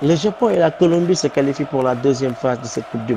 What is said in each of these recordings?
Le Japon et la Colombie se qualifient pour la deuxième phase de cette Coupe du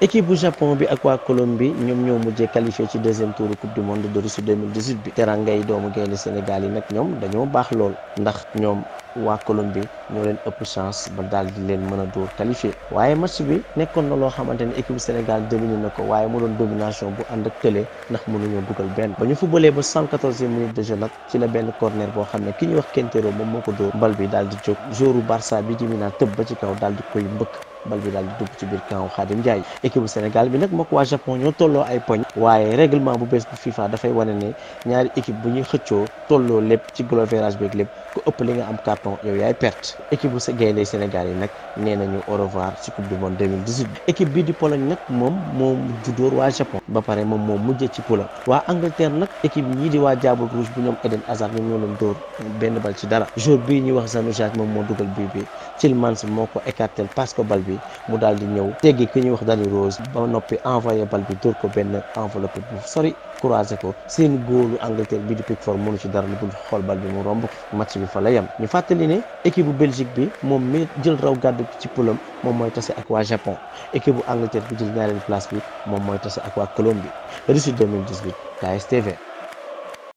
équipe bu Japon bi ak waa Colombie ñoom ñoo mujjee qualifié ci deuxième tour coupe du monde de Russie 2018 bi terangay doomu gaynde Sénégal yi nag ñoom dañoo baax lool ndax ñoom waa Colombie ñoo leen ëpp chance ba daal di leen mën a dóor qualifié waaye match bi nekkoon na loo xamante ne équipe Sénégal dominé na ko waaye mu doon domination bu ànd ak tële ndax mënuñoo dugal benn ba ñu fubalee ba 114e minute de jeu nag ci la benn corner boo xam ne ki ñuy wax Quintero moom moo ko dóor bi daal di jóg joueur Barça bi di Mina tëb ba ci kaw daal di koy mbëkk bal bi daal di dugg ci biir camp Khadim Ndiaye équipe bu Sénégal bi nag mook waa Japon ñoo tolloo ay poñ waaye règlement bu bees bu FIFA dafay wane ne ñaari équipe bu ñuy xëccoo tolloo lépp ci goal average beeg lépp ku ëpp li nga am carton yow yaay perte équipe bu gaynde Sénégal yi nag nee nañu au revoir ci coupe du monde 2018 équipe di Pologne nag moom moo juddóor waa Japon ba pare moom mu mujjee ci poula waa Angleterre nag équipe yii di waa Diable Rouge bu ñoom Eden Hazard ñoom ñoo doon dóor moo dugal bii bi mu daal di ñëw teggi ki ñuy wax Dani Rose ba noppi envoyé bal bi dóor ko benn enveloppe bu sori croisé ko seen góolu Angleterre bi di Pickford mënu ci dara lu dul xool bal bi mu romb match bi fa la yem ñu fàttali ne équipe bu Belgique bi moom mi jël raw gàddu ci pëlam moom mooy tase ak waa Japon équipe bu Angleterre bi jël ñaareelu place bi moom mooy tase ak waa Colombie Russie 2018 KSTV